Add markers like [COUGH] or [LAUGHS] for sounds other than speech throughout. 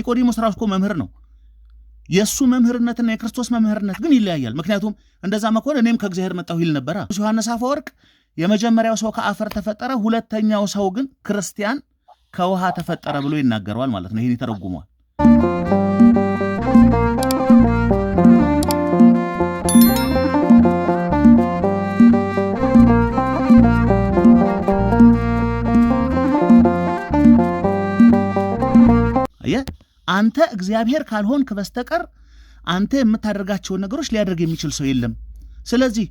ኒቆዲሞስ ራሱ እኮ መምህር ነው። የእሱ መምህርነትና የክርስቶስ መምህርነት ግን ይለያያል። ምክንያቱም እንደዛ መኮን እኔም ከእግዚአብሔር መጣሁ ይል ነበረ። ዮሐንስ አፈወርቅ የመጀመሪያው ሰው ከአፈር ተፈጠረ፣ ሁለተኛው ሰው ግን ክርስቲያን ከውሃ ተፈጠረ ብሎ ይናገረዋል ማለት ነው። ይህን ይተረጉመዋል። አየህ አንተ እግዚአብሔር ካልሆንክ በስተቀር አንተ የምታደርጋቸውን ነገሮች ሊያደርግ የሚችል ሰው የለም። ስለዚህ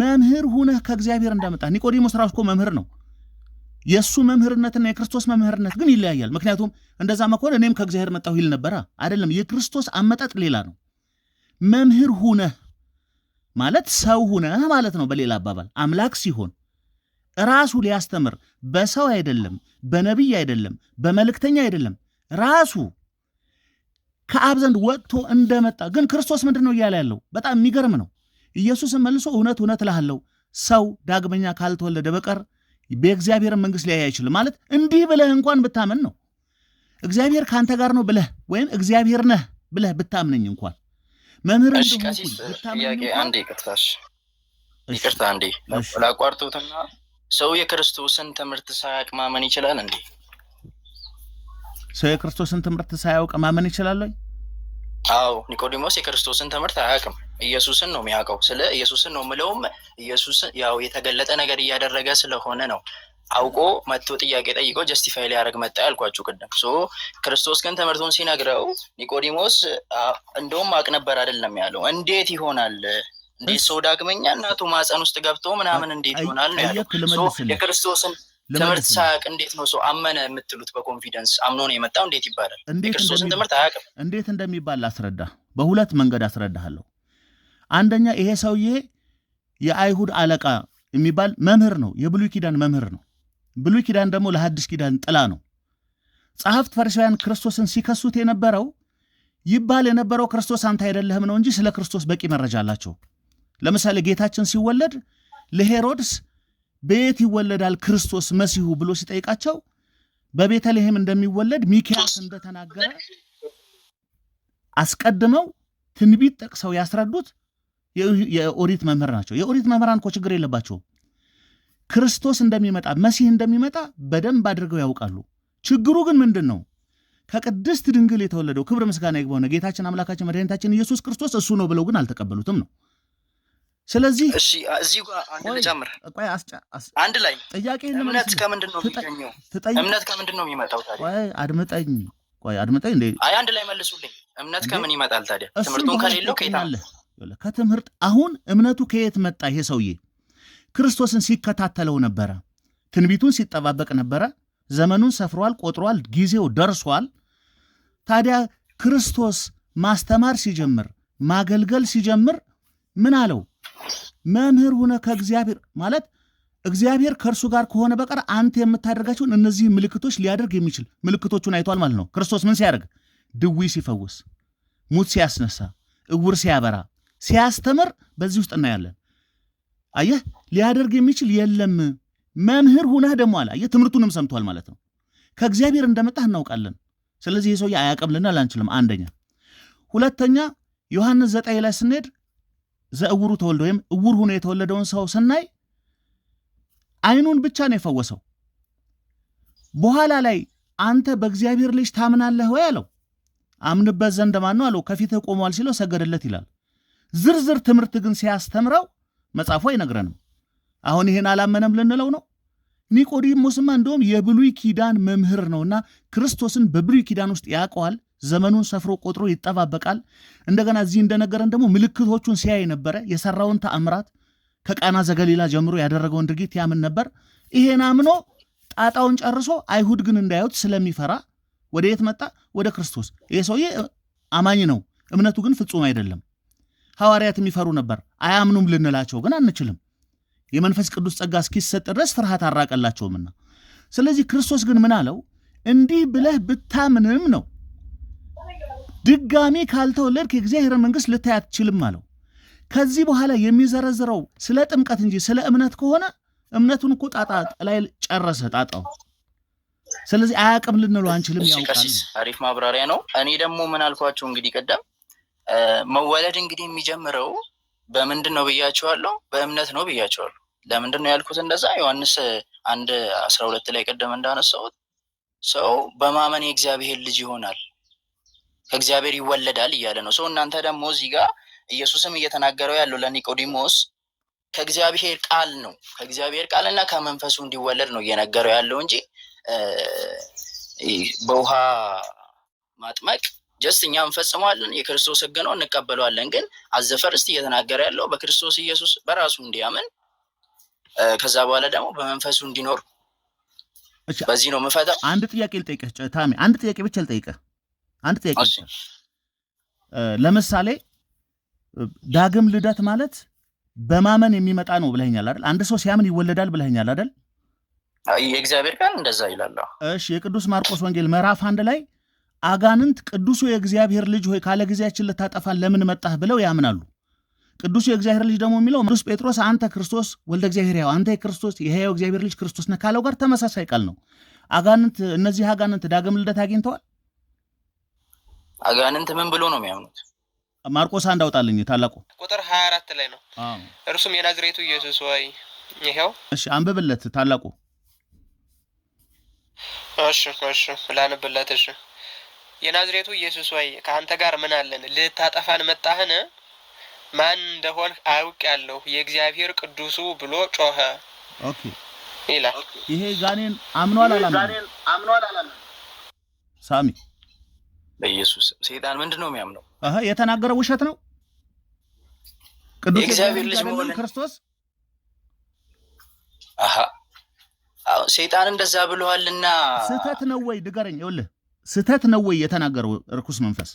መምህር ሁነህ ከእግዚአብሔር እንዳመጣ ኒቆዲሞስ ራሱ እኮ መምህር ነው። የእሱ መምህርነትና የክርስቶስ መምህርነት ግን ይለያያል። ምክንያቱም እንደዛ መኮን እኔም ከእግዚአብሔር መጣሁ ይል ነበራ። አይደለም፣ የክርስቶስ አመጣጥ ሌላ ነው። መምህር ሁነህ ማለት ሰው ሁነህ ማለት ነው። በሌላ አባባል አምላክ ሲሆን ራሱ ሊያስተምር በሰው አይደለም፣ በነቢይ አይደለም፣ በመልእክተኛ አይደለም ራሱ ከአብ ዘንድ ወጥቶ እንደመጣ ግን ክርስቶስ ምንድን ነው እያለ ያለው በጣም የሚገርም ነው። ኢየሱስን መልሶ እውነት እውነት እልሃለሁ ሰው ዳግመኛ ካልተወለደ በቀር በእግዚአብሔር መንግሥት ሊያይ አይችልም። ማለት እንዲህ ብለህ እንኳን ብታምን ነው እግዚአብሔር ከአንተ ጋር ነው ብለህ ወይም እግዚአብሔር ነህ ብለህ ብታምነኝ እንኳን መምህር ይቅርታ ላቋርጦትና ሰው የክርስቶስን ትምህርት ሳያቅ ማመን ይችላል እንዴ? ሰው የክርስቶስን ትምህርት ሳያውቅ ማመን ይችላል ወይ? አዎ ኒቆዲሞስ የክርስቶስን ትምህርት አያውቅም። ኢየሱስን ነው የሚያውቀው። ስለ ኢየሱስን ነው ምለውም ኢየሱስን ያው የተገለጠ ነገር እያደረገ ስለሆነ ነው። አውቆ መጥቶ ጥያቄ ጠይቆ ጀስቲፋይ ሊያደርግ መጣ ያልኳችሁ ቅድም። ሶ ክርስቶስ ግን ትምህርቱን ሲነግረው ኒቆዲሞስ እንደውም አቅ ነበር አይደለም ያለው። እንዴት ይሆናል እንዴት ሰው ዳግመኛ እናቱ ማፀን ውስጥ ገብቶ ምናምን እንዴት ይሆናል ነው ያለው የክርስቶስን ትምህርት ሳያውቅ እንዴት ነው ሰው አመነ የምትሉት? በኮንፊደንስ አምኖ ነው የመጣው እንዴት ይባላል? የክርስቶስን ትምህርት አያውቅም። እንዴት እንደሚባል አስረዳ፣ በሁለት መንገድ አስረዳሃለሁ። አንደኛ ይሄ ሰውዬ የአይሁድ አለቃ የሚባል መምህር ነው፣ የብሉይ ኪዳን መምህር ነው። ብሉይ ኪዳን ደግሞ ለሐዲስ ኪዳን ጥላ ነው። ጸሐፍት ፈሪሳውያን ክርስቶስን ሲከሱት የነበረው ይባል የነበረው ክርስቶስ አንተ አይደለህም ነው እንጂ ስለ ክርስቶስ በቂ መረጃ አላቸው። ለምሳሌ ጌታችን ሲወለድ ለሄሮድስ በየት ይወለዳል ክርስቶስ መሲሁ ብሎ ሲጠይቃቸው በቤተልሔም እንደሚወለድ ሚኪያስ እንደተናገረ አስቀድመው ትንቢት ጠቅሰው ያስረዱት የኦሪት መምህር ናቸው። የኦሪት መምህራን እኮ ችግር የለባቸውም። ክርስቶስ እንደሚመጣ መሲህ እንደሚመጣ በደንብ አድርገው ያውቃሉ። ችግሩ ግን ምንድን ነው? ከቅድስት ድንግል የተወለደው ክብር ምስጋና ይግባውና ጌታችን አምላካችን መድኃኒታችን ኢየሱስ ክርስቶስ እሱ ነው ብለው ግን አልተቀበሉትም ነው ስለዚህ እሺ፣ እዚህ ጋር አንድ ልጨምር። አንድ ላይ ጥያቄ እምነት ከምንድን ነው የሚገኘው? እምነት ከምንድን ነው የሚመጣው? ታዲያ አድምጠኝ፣ ቆይ አድምጠኝ። እንዴ አይ አንድ ላይ መልሱልኝ። እምነት ከምን ይመጣል ታዲያ? ትምህርቱን ከሌለው ከየት አለ? ከትምህርት አሁን እምነቱ ከየት መጣ? ይሄ ሰውዬ ክርስቶስን ሲከታተለው ነበረ፣ ትንቢቱን ሲጠባበቅ ነበረ። ዘመኑን ሰፍሯል፣ ቆጥሯል፣ ጊዜው ደርሷል። ታዲያ ክርስቶስ ማስተማር ሲጀምር ማገልገል ሲጀምር ምን አለው? መምህር ሁነ ከእግዚአብሔር ማለት እግዚአብሔር ከእርሱ ጋር ከሆነ በቀር አንተ የምታደርጋቸውን እነዚህ ምልክቶች ሊያደርግ የሚችል ምልክቶቹን አይቷል ማለት ነው። ክርስቶስ ምን ሲያደርግ? ድዊ ሲፈውስ፣ ሙት ሲያስነሳ፣ እውር ሲያበራ፣ ሲያስተምር በዚህ ውስጥ እናያለን። አየህ ሊያደርግ የሚችል የለም። መምህር ሁነህ ደግሞ አለ አየህ፣ ትምህርቱንም ሰምቷል ማለት ነው። ከእግዚአብሔር እንደመጣህ እናውቃለን። ስለዚህ ይህ ሰውዬ አያውቅም አንችልም። አንደኛ። ሁለተኛ ዮሐንስ ዘጠኝ ላይ ስንሄድ ዘእውሩ ተወልደ ወይም እውር ሁኖ የተወለደውን ሰው ስናይ አይኑን ብቻ ነው የፈወሰው። በኋላ ላይ አንተ በእግዚአብሔር ልጅ ታምናለህ ወይ አለው። አምንበት ዘንድ ማን ነው አለው። ከፊትህ ቆሟል ሲለው ሰገደለት ይላል። ዝርዝር ትምህርት ግን ሲያስተምረው መጽሐፉ አይነግረንም። አሁን ይህን አላመነም ልንለው ነው? ኒቆዲሞስማ እንደውም የብሉይ ኪዳን መምህር ነውና ክርስቶስን በብሉይ ኪዳን ውስጥ ያውቀዋል። ዘመኑን ሰፍሮ ቆጥሮ ይጠባበቃል። እንደገና እዚህ እንደነገረን ደግሞ ምልክቶቹን ሲያይ ነበረ። የሰራውን ተአምራት ከቃና ዘገሊላ ጀምሮ ያደረገውን ድርጊት ያምን ነበር። ይሄን አምኖ ጣጣውን ጨርሶ፣ አይሁድ ግን እንዳያዩት ስለሚፈራ ወደ የት መጣ? ወደ ክርስቶስ። ይሄ ሰውዬ አማኝ ነው፣ እምነቱ ግን ፍጹም አይደለም። ሐዋርያት የሚፈሩ ነበር። አያምኑም ልንላቸው ግን አንችልም፣ የመንፈስ ቅዱስ ጸጋ እስኪሰጥ ድረስ ፍርሃት አራቀላቸውምና። ስለዚህ ክርስቶስ ግን ምን አለው? እንዲህ ብለህ ብታምንም ነው ድጋሚ ካልተወለድክ የእግዚአብሔርን መንግሥት ልታይ አትችልም አለው። ከዚህ በኋላ የሚዘረዝረው ስለ ጥምቀት እንጂ ስለ እምነት ከሆነ እምነቱን እኮ ጣጣ ላይ ጨረሰ ጣጣው። ስለዚህ አያቅም ልንለው አንችልም። ያውቃል። አሪፍ ማብራሪያ ነው። እኔ ደግሞ ምን አልኳቸው እንግዲህ ቀደም መወለድ እንግዲህ የሚጀምረው በምንድን ነው ብያቸዋለሁ። በእምነት ነው ብያቸዋለሁ። ለምንድን ነው ያልኩት እንደዛ? ዮሐንስ አንድ አስራ ሁለት ላይ ቀደም እንዳነሳሁት ሰው በማመን የእግዚአብሔር ልጅ ይሆናል ከእግዚአብሔር ይወለዳል እያለ ነው። ሰው እናንተ ደግሞ እዚህ ጋር ኢየሱስም እየተናገረው ያለው ለኒቆዲሞስ ከእግዚአብሔር ቃል ነው። ከእግዚአብሔር ቃል እና ከመንፈሱ እንዲወለድ ነው እየነገረው ያለው እንጂ በውሃ ማጥመቅ ጀስት እኛ እንፈጽመዋለን፣ የክርስቶስ ሕግ ነው እንቀበለዋለን። ግን አዘፈርስት እየተናገረ ያለው በክርስቶስ ኢየሱስ በራሱ እንዲያምን ከዛ በኋላ ደግሞ በመንፈሱ እንዲኖር በዚህ ነው ምፈታው። አንድ ጥያቄ ልጠይቅህ ታሜ፣ አንድ ጥያቄ ብቻ ልጠይቀህ አንድ ጥያቄ ለምሳሌ ዳግም ልደት ማለት በማመን የሚመጣ ነው ብለኛል አይደል? አንድ ሰው ሲያምን ይወለዳል ብለኛል አይደል? የእግዚአብሔር ቃል እንደዛ ይላል። እሺ የቅዱስ ማርቆስ ወንጌል ምዕራፍ አንድ ላይ አጋንንት ቅዱሱ የእግዚአብሔር ልጅ ሆይ ካለ ጊዜያችን ልታጠፋን ለምን መጣህ ብለው ያምናሉ። ቅዱሱ የእግዚአብሔር ልጅ ደግሞ የሚለው ቅዱስ ጴጥሮስ አንተ ክርስቶስ ወልደ እግዚአብሔር ያው አንተ የክርስቶስ የሕያው እግዚአብሔር ልጅ ክርስቶስ ነህ ካለው ጋር ተመሳሳይ ቃል ነው። አጋንንት እነዚህ አጋንንት ዳግም ልደት አግኝተዋል አጋንንት ምን ብሎ ነው የሚያምኑት? ማርቆስ አንድ አውጣልኝ ታላቁ ቁጥር 24 ላይ ነው። እርሱም የናዝሬቱ ኢየሱስ ወይ ይሄው። እሺ አንብብለት ታላቁ። እሺ እሺ ላንብለት። እሺ የናዝሬቱ ኢየሱስ ወይ ከአንተ ጋር ምን አለን? ልታጠፋን መጣህን? ማን እንደሆን አውቅ ያለሁ የእግዚአብሔር ቅዱሱ ብሎ ጮኸ ይላል። ይሄ ጋኔን አምኗል አላምንም? ሳሚ በኢየሱስ ሴጣን ምንድን ነው የሚያምነው? የተናገረው ውሸት ነው። ቅዱስ የእግዚአብሔር ልጅ መሆን ክርስቶስ ሴጣን እንደዛ ብለዋልና ስህተት ነው ወይ ድገረኝ። ይኸውልህ ስህተት ነው ወይ የተናገረው እርኩስ መንፈስ?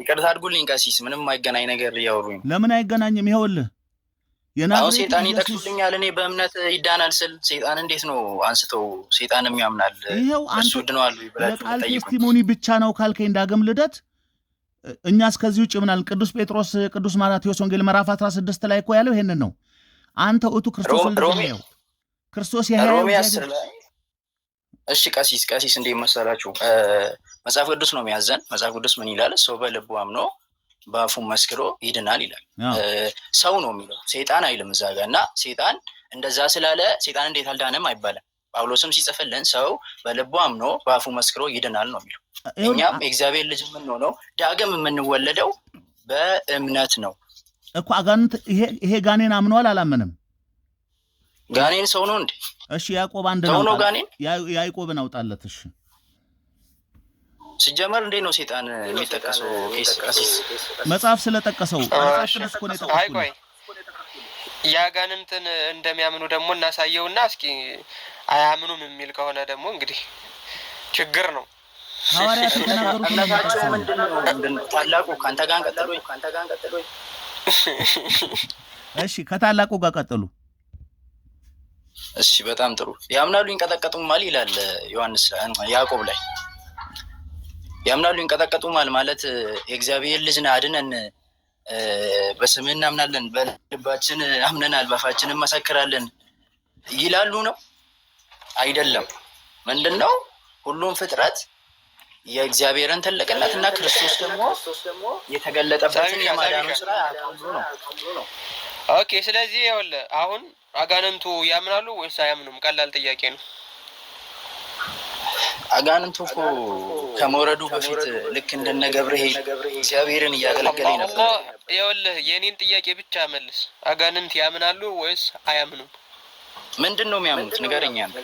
ይቅርታ አድጉልኝ ቀሲስ፣ ምንም አይገናኝ ነገር እያወሩኝ። ለምን አይገናኝም? ይኸውልህ አሁን ሴጣን ይጠቅሱልኛል፣ እኔ በእምነት ይዳናል ስል ሴጣን እንዴት ነው አንስተው ሴጣን የሚያምናል እሱ ድነዋል ለቃል ቴስቲሞኒ ብቻ ነው ካልከኝ እንዳገም ልደት እኛ እስከዚህ ውጭ ምናል ቅዱስ ጴጥሮስ ቅዱስ ማቴዎስ ወንጌል ምዕራፍ ስድስት ላይ እኮ ያለው ይሄንን ነው። አንተ እቱ ክርስቶስ እንደሚያየው ክርስቶስ ያለው እሺ፣ ቀሲስ ቀሲስ እንዴት መሰላችሁ መጽሐፍ ቅዱስ ነው የሚያዘን። መጽሐፍ ቅዱስ ምን ይላል? ሰው በልቡ አምኖ በአፉ መስክሮ ይድናል ይላል። ሰው ነው የሚለው ሴጣን አይልም እዛ ጋ እና ሴጣን እንደዛ ስላለ ሴጣን እንዴት አልዳነም አይባልም። ጳውሎስም ሲጽፍልን ሰው በልቡ አምኖ በአፉ መስክሮ ይድናል ነው የሚለው። እኛም የእግዚአብሔር ልጅ የምንሆነው ዳግም የምንወለደው በእምነት ነው እኮ። አጋንንት ይሄ ጋኔን አምኗል አላመንም? ጋኔን ሰው ነው እንዴ? እሺ ያዕቆብ አንድ ነው። ጋኔን ያዕቆብን አውጣለት። እሺ ሲጀመር እንዴ ነው ሴጣን የሚጠቀሰው? መጽሐፍ ስለጠቀሰው አይ ቆይ ያጋንንትን እንደሚያምኑ ደግሞ እናሳየውና እስኪ አያምኑም የሚል ከሆነ ደግሞ እንግዲህ ችግር ነው። ሐዋርያት የተናገሩት ምንድነው? ታላቁ ከአንተ ጋር ቀጠሉኝ፣ ከአንተ ጋር ቀጠሉኝ። እሺ ከታላቁ ጋር ቀጠሉ። እሺ በጣም ጥሩ ያምናሉ፣ ይንቀጠቀጡማል ይላል ዮሐንስ ያዕቆብ ላይ ያምናሉ ይንቀጠቀጡማል ማለት የእግዚአብሔር ልጅን አድነን በስም እናምናለን በልባችን አምነናል በአፋችን እንመሰክራለን ይላሉ ነው አይደለም ምንድን ነው ሁሉም ፍጥረት የእግዚአብሔርን ትልቅነት እና ክርስቶስ ደግሞ የተገለጠበትን የማዳኑ ስራ ነው ኦኬ ስለዚህ ይኸውልህ አሁን አጋንንቱ ያምናሉ ወይስ አያምኑም ቀላል ጥያቄ ነው አጋንንቱ እኮ ከመውረዱ በፊት ልክ እንደነ ገብርሄል እግዚአብሔርን እያገለገለ ነበር። ይኸውልህ የእኔን ጥያቄ ብቻ መልስ። አጋንንት ያምናሉ ወይስ አያምኑም? ምንድን ነው የሚያምኑት? ንገረኛ ነው።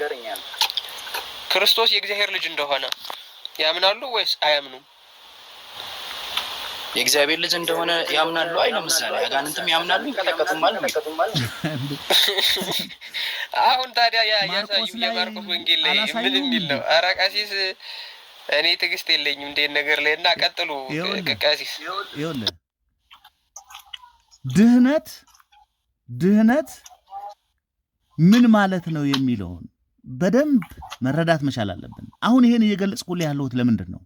ክርስቶስ የእግዚአብሔር ልጅ እንደሆነ ያምናሉ ወይስ አያምኑም? የእግዚአብሔር ልጅ እንደሆነ ያምናሉ አይ ነው ምሳሌ አጋንንትም ያምናሉ ይንቀጠቀጡማል። [LAUGHS] አሁን ታዲያ ያሳዩ የማርቆስ ወንጌል ላይ ምን የሚል ነው? ኧረ ቀሲስ እኔ ትዕግስት የለኝም እንዴት ነገር ላይ እና ቀጥሉ ቀሲስ። ድህነት ድህነት ምን ማለት ነው የሚለውን በደንብ መረዳት መቻል አለብን። አሁን ይሄን እየገለጽኩልህ ያለሁት ለምንድን ነው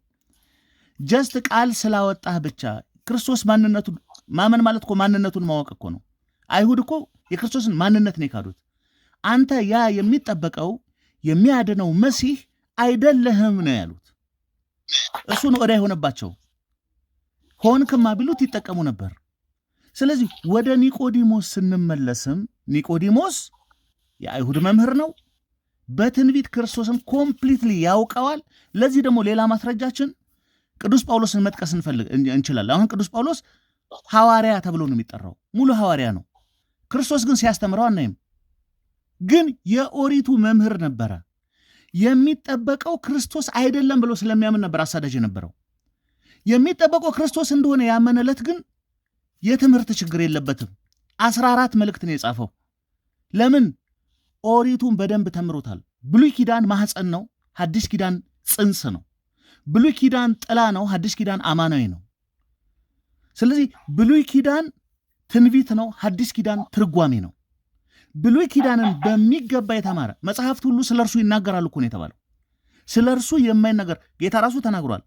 ጀስት ቃል ስላወጣህ ብቻ ክርስቶስ ማንነቱን ማመን ማለት እኮ ማንነቱን ማወቅ እኮ ነው። አይሁድ እኮ የክርስቶስን ማንነት ነው የካዱት። አንተ ያ የሚጠበቀው የሚያድነው መሲህ አይደለህም ነው ያሉት። እሱ ነው ዕዳ የሆነባቸው። ሆንክማ ቢሉት ይጠቀሙ ነበር። ስለዚህ ወደ ኒቆዲሞስ ስንመለስም ኒቆዲሞስ የአይሁድ መምህር ነው። በትንቢት ክርስቶስን ኮምፕሊትሊ ያውቀዋል። ለዚህ ደግሞ ሌላ ማስረጃችን ቅዱስ ጳውሎስን መጥቀስ እንችላለን። አሁን ቅዱስ ጳውሎስ ሐዋርያ ተብሎ ነው የሚጠራው፣ ሙሉ ሐዋርያ ነው። ክርስቶስ ግን ሲያስተምረው አናይም። ግን የኦሪቱ መምህር ነበረ። የሚጠበቀው ክርስቶስ አይደለም ብሎ ስለሚያምን ነበር አሳዳጅ የነበረው። የሚጠበቀው ክርስቶስ እንደሆነ ያመነለት ግን የትምህርት ችግር የለበትም። አስራ አራት መልእክት ነው የጻፈው። ለምን? ኦሪቱን በደንብ ተምሮታል። ብሉይ ኪዳን ማህፀን ነው፣ ሐዲስ ኪዳን ጽንስ ነው። ብሉይ ኪዳን ጥላ ነው፣ ሐዲስ ኪዳን አማናዊ ነው። ስለዚህ ብሉይ ኪዳን ትንቢት ነው፣ ሐዲስ ኪዳን ትርጓሜ ነው። ብሉይ ኪዳንን በሚገባ የተማረ መጽሐፍት ሁሉ ስለ እርሱ ይናገራሉ እኮ ነው የተባለው። ስለ እርሱ የማይናገር ጌታ ራሱ ተናግሯል።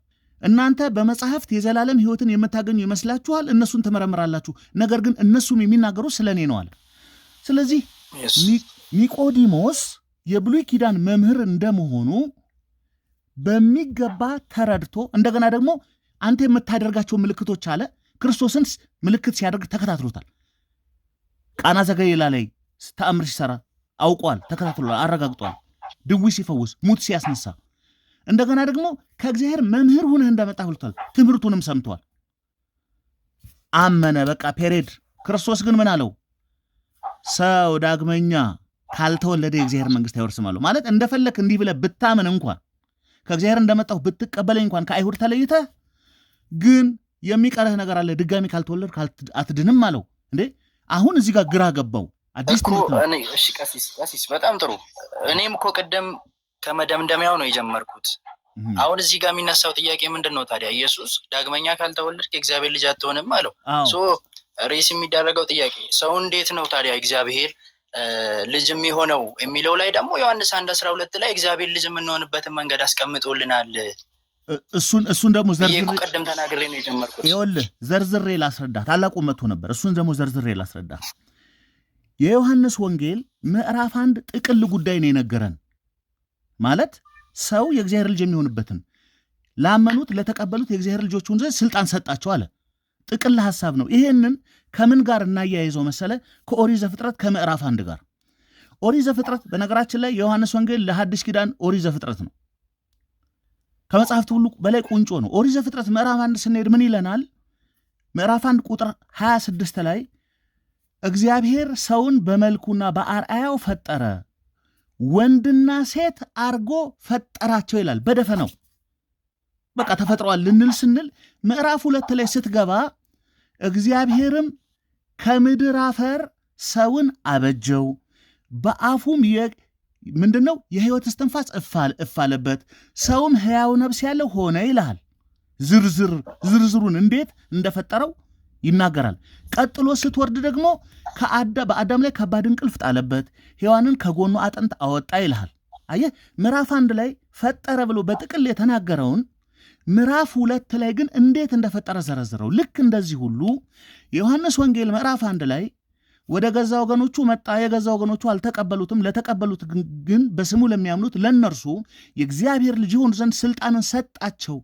እናንተ በመጽሐፍት የዘላለም ሕይወትን የምታገኙ ይመስላችኋል፣ እነሱን ትመረምራላችሁ፣ ነገር ግን እነሱም የሚናገሩ ስለ እኔ ነው አለ። ስለዚህ ኒቆዲሞስ የብሉይ ኪዳን መምህር እንደመሆኑ በሚገባ ተረድቶ እንደገና ደግሞ አንተ የምታደርጋቸው ምልክቶች አለ ክርስቶስን ምልክት ሲያደርግ ተከታትሎታል። ቃና ዘገሊላ ላይ ተአምር ሲሰራ አውቋል፣ ተከታትሏል፣ አረጋግጧል። ድዊ ሲፈውስ፣ ሙት ሲያስነሳ፣ እንደገና ደግሞ ከእግዚአብሔር መምህር ሁነህ እንደመጣ ብሎታል። ትምህርቱንም ሰምተዋል፣ አመነ። በቃ ፔሬድ። ክርስቶስ ግን ምን አለው? ሰው ዳግመኛ ካልተወለደ የእግዚአብሔር መንግስት አይወርስም አለው። ማለት እንደፈለክ እንዲህ ብለህ ብታምን እንኳን ከእግዚአብሔር እንደመጣሁ ብትቀበለኝ እንኳን ከአይሁድ ተለይተ ግን የሚቀረህ ነገር አለ፣ ድጋሚ ካልተወለድ አትድንም አለው። እንዴ አሁን እዚህ ጋር ግራ ገባው። አዲስ ቀሲስ፣ በጣም ጥሩ። እኔም እኮ ቅድም ከመደምደሚያው ነው የጀመርኩት። አሁን እዚህ ጋር የሚነሳው ጥያቄ ምንድን ነው ታዲያ? ኢየሱስ ዳግመኛ ካልተወለድክ የእግዚአብሔር ልጅ አትሆንም አለው። ሬስ የሚደረገው ጥያቄ ሰው እንዴት ነው ታዲያ እግዚአብሔር ልጅም የሆነው የሚለው ላይ ደግሞ ዮሐንስ አንድ አስራ ሁለት ላይ እግዚአብሔር ልጅ የምንሆንበትን መንገድ አስቀምጦልናል። እሱን እሱን ደግሞ ቅድም ተናግሬ ነው የጀመርኩት። ይኸውልህ ዘርዝሬ ላስረዳህ። ታላቁ መቶ ነበር። እሱን ደግሞ ዘርዝሬ ላስረዳህ። የዮሐንስ ወንጌል ምዕራፍ አንድ ጥቅል ጉዳይ ነው የነገረን ማለት ሰው የእግዚአብሔር ልጅ የሚሆንበትን ላመኑት ለተቀበሉት የእግዚአብሔር ልጆች ሁን ዘንድ ስልጣን ሰጣቸው አለ። ጥቅል ሐሳብ ነው። ይሄንን ከምን ጋር እናያይዘው መሰለ? ከኦሪት ዘፍጥረት ከምዕራፍ አንድ ጋር። ኦሪት ዘፍጥረት በነገራችን ላይ የዮሐንስ ወንጌል ለሐዲስ ኪዳን ኦሪት ዘፍጥረት ነው። ከመጽሐፍት ሁሉ በላይ ቁንጮ ነው። ኦሪት ዘፍጥረት ምዕራፍ አንድ ስንሄድ ምን ይለናል? ምዕራፍ አንድ ቁጥር 26 ላይ እግዚአብሔር ሰውን በመልኩና በአርአያው ፈጠረ፣ ወንድና ሴት አርጎ ፈጠራቸው ይላል። ነው?። በቃ ተፈጥረዋል ልንል ስንል ምዕራፍ ሁለት ላይ ስትገባ እግዚአብሔርም ከምድር አፈር ሰውን አበጀው በአፉም ምንድን ነው የህይወት እስትንፋስ እፋለበት ሰውም ሕያው ነብስ ያለው ሆነ ይልሃል። ዝርዝር ዝርዝሩን እንዴት እንደፈጠረው ይናገራል። ቀጥሎ ስትወርድ ደግሞ በአዳም ላይ ከባድ እንቅልፍ ጣለበት፣ ሔዋንን ከጎኑ አጥንት አወጣ ይልሃል። አየህ ምዕራፍ አንድ ላይ ፈጠረ ብሎ በጥቅል የተናገረውን ምዕራፍ ሁለት ላይ ግን እንዴት እንደፈጠረ ዘረዝረው። ልክ እንደዚህ ሁሉ የዮሐንስ ወንጌል ምዕራፍ አንድ ላይ ወደ ገዛ ወገኖቹ መጣ፣ የገዛ ወገኖቹ አልተቀበሉትም። ለተቀበሉት ግን በስሙ ለሚያምኑት ለእነርሱ የእግዚአብሔር ልጅ ይሆኑ ዘንድ ስልጣንን ሰጣቸው።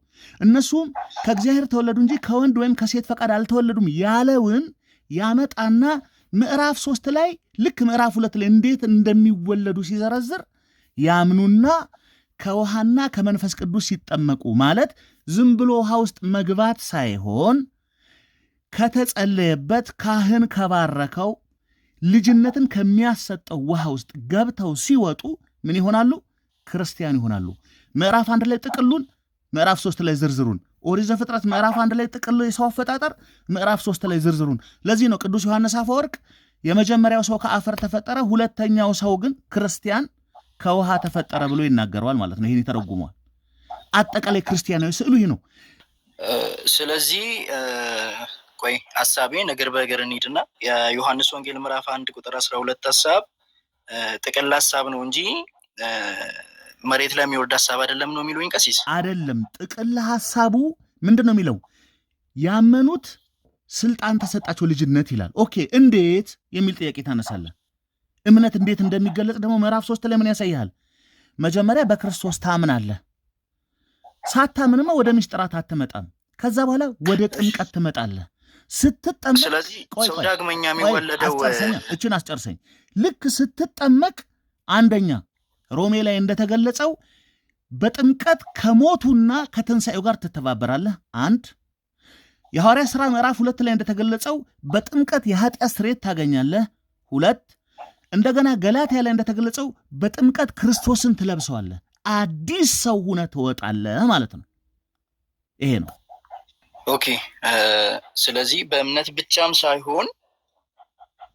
እነሱም ከእግዚአብሔር ተወለዱ እንጂ ከወንድ ወይም ከሴት ፈቃድ አልተወለዱም ያለውን ያመጣና ምዕራፍ ሶስት ላይ ልክ ምዕራፍ ሁለት ላይ እንዴት እንደሚወለዱ ሲዘረዝር ያምኑና ከውሃና ከመንፈስ ቅዱስ ሲጠመቁ ማለት ዝም ብሎ ውሃ ውስጥ መግባት ሳይሆን ከተጸለየበት ካህን ከባረከው ልጅነትን ከሚያሰጠው ውሃ ውስጥ ገብተው ሲወጡ ምን ይሆናሉ? ክርስቲያን ይሆናሉ። ምዕራፍ አንድ ላይ ጥቅሉን፣ ምዕራፍ ሶስት ላይ ዝርዝሩን ኦሪት ዘፍጥረት ምዕራፍ አንድ ላይ ጥቅል የሰው አፈጣጠር፣ ምዕራፍ ሶስት ላይ ዝርዝሩን። ለዚህ ነው ቅዱስ ዮሐንስ አፈወርቅ የመጀመሪያው ሰው ከአፈር ተፈጠረ፣ ሁለተኛው ሰው ግን ክርስቲያን ከውሃ ተፈጠረ ብሎ ይናገረዋል ማለት ነው። ይህን ይተረጉመዋል። አጠቃላይ ክርስቲያናዊ ስዕሉ ይህ ነው። ስለዚህ ቆይ ሀሳቤ ነገር በእግር እንሂድና የዮሐንስ ወንጌል ምዕራፍ አንድ ቁጥር አስራ ሁለት ሀሳብ ጥቅል ሀሳብ ነው እንጂ መሬት ላይ የሚወርድ ሀሳብ አይደለም ነው የሚሉኝ ቀሲስ? አይደለም። ጥቅል ሀሳቡ ምንድን ነው የሚለው ያመኑት ስልጣን ተሰጣቸው ልጅነት ይላል። ኦኬ እንዴት የሚል ጥያቄ ታነሳለን። እምነት እንዴት እንደሚገለጽ ደግሞ ምዕራፍ ሶስት ላይ ምን ያሳይሃል? መጀመሪያ በክርስቶስ ታምናለህ። ሳታምንማ ወደ ምስጢራት አትመጣም። ከዛ በኋላ ወደ ጥምቀት ትመጣለህ። ስትጠመቅ ስለዚህ ሰው ዳግመኛ የሚወለደው እችን አስጨርሰኝ። ልክ ስትጠመቅ አንደኛ ሮሜ ላይ እንደተገለጸው በጥምቀት ከሞቱና ከትንሣኤው ጋር ትተባበራለህ። አንድ የሐዋርያ ሥራ ምዕራፍ ሁለት ላይ እንደተገለጸው በጥምቀት የኃጢአት ስርየት ታገኛለህ። ሁለት እንደገና ገላትያ ላይ እንደተገለጸው በጥምቀት ክርስቶስን ትለብሰዋለህ፣ አዲስ ሰው ሁነህ ትወጣለህ ማለት ነው። ይሄ ነው። ኦኬ። ስለዚህ በእምነት ብቻም ሳይሆን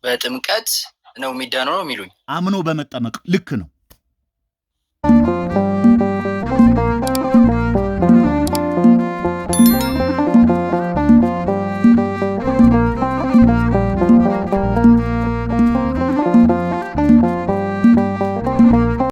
በጥምቀት ነው የሚዳነው ነው የሚሉኝ፣ አምኖ በመጠመቅ ልክ ነው።